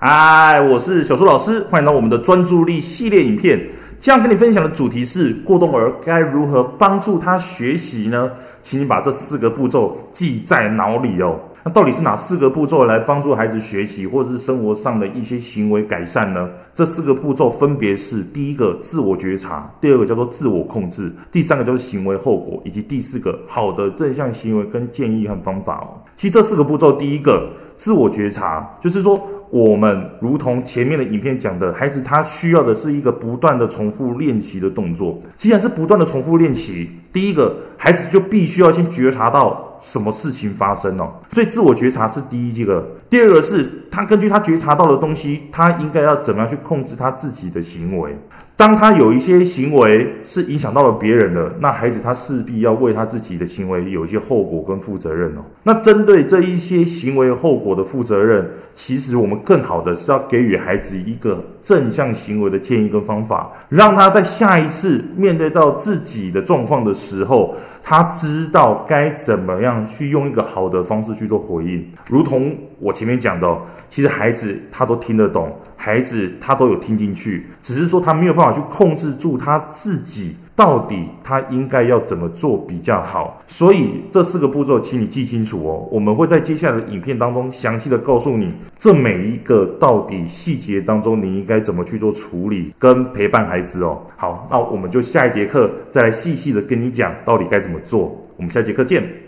嗨，我是小蘇老師，歡迎來到我們的專注力系列影片。今天要跟你分享的主題是：過動兒該如何幫助他學習呢？請你把這四個步驟記在腦裡哦。那到底是哪四個步驟來幫助孩子學習，或者是生活上的一些行為改善呢？這四個步驟分別是：第一個，自我覺察；第二個，叫做自我控制；第三個，就是行為後果；以及第四個，好的正向行為跟建議和方法哦。其實這四個步驟，第一個自我覺察，就是說我們如同前面的影片講的，孩子他需要的是一個不斷的重複練習的動作。既然是不斷的重複練習，第一個孩子就必須要先覺察到。什麼事情發生哦？所以自我覺察是第一，這個第二個是他根據他覺察到的東西，他應該要怎麼樣去控制他自己的行為。當他有一些行為是影響到了別人了，那孩子他勢必要為他自己的行為有一些後果跟負責任哦。那針對這一些行為後果的負責任，其實我們更好的是要給予孩子一個正向行為的建議跟方法，讓他在下一次面對到自己的狀況的時候，他知道該怎麼樣。這樣去用一個好的方式去做回應，如同我前面講的，其實孩子他都聽得懂，孩子他都有聽進去，只是說他沒有辦法去控制住他自己，到底他應該要怎麼做比較好。所以這四個步驟，請你記清楚哦。我們會在接下來的影片當中詳細的告訴你，這每一個到底細節當中你應該怎麼去做處理跟陪伴孩子哦。好，那我們就下一節課再來細細的跟你講到底該怎麼做。我們下節課見。